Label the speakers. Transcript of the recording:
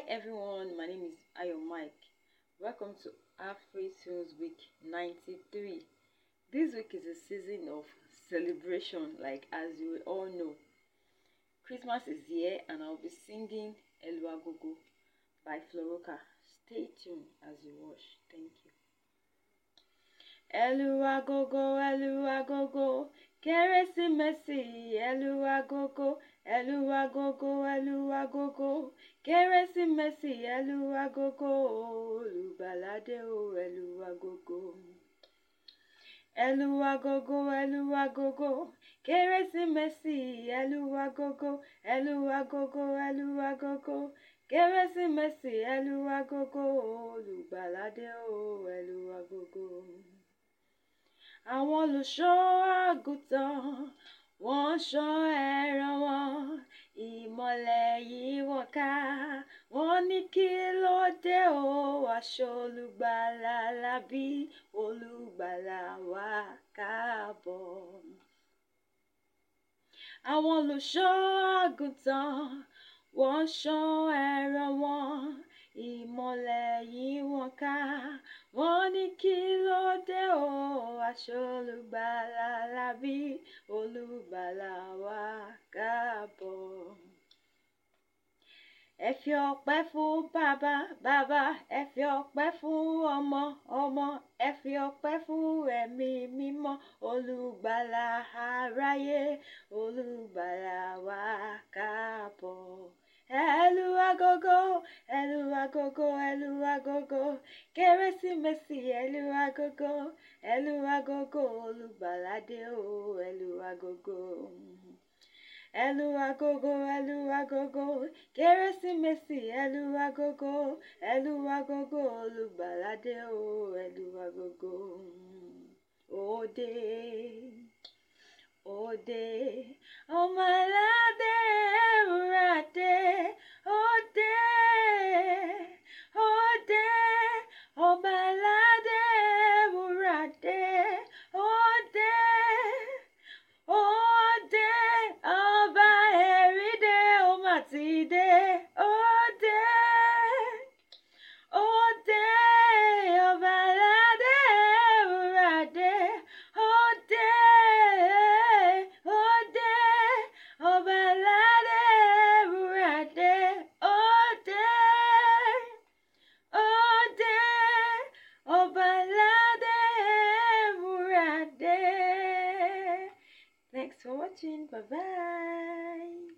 Speaker 1: Hi everyone, my name is Ayo Mike. Welcome to Afri AfriTunes Week 93. This week is a season of celebration, like as you all know. Christmas is here and I'll be singing El Wagogo by Floroka. Stay tuned as you watch. Thank you.
Speaker 2: El Wagogo, El Wagogo, kérésìmesì ẹlúwagogo ẹlúwagogo ẹlúwagogo kérésìmesì ẹlúwagogo olùgbàlà dé o ẹlúwagogo. ẹlúwagogo ẹlúwagogo kérésìmesì ẹlúwagogo ẹlúwagogo ẹlúwagogo kérésìmesì ẹlúwagogo olùgbàlà dé o ẹlúwagogo. àwọn olùṣọ́ àgùntàn wọ́n ṣọ́ ẹran wọn ìmọ́lẹ̀ yìí wọ́n ká wọ́n ní kí ló dé o aṣọ olùgbàlà lábí olùgbàlà wá káàbọ̀. àwọn olùṣọ́ àgùntàn wọ́n ṣọ́ ẹran wọn ìmọ́lẹ̀ yìí wọ́n ká wọ́n ní kí aṣọ́lùgbàlà lábí olùgbàlà wa káàbọ̀. Ẹ fi ọpẹ́ fún bàbá bàbá ẹ fi ọpẹ́ fún ọmọ ọmọ ẹ fi ọpẹ́ fún ẹ̀mí mímọ́ olùgbàlà aráyé olùgbàlà. gogo Ẹlúwa gogo Kérésìmesì Ẹlúwa gogo Ẹlúwa gogo Olùgbàlà dé o eluagogo, gogo. Ẹlúwa gogo Ẹlúwa gogo Kérésìmesì Ẹlúwa gogo Ẹlúwa o Ẹlúwa Òde òde ọmọ ẹlẹ́. for watching. Bye bye.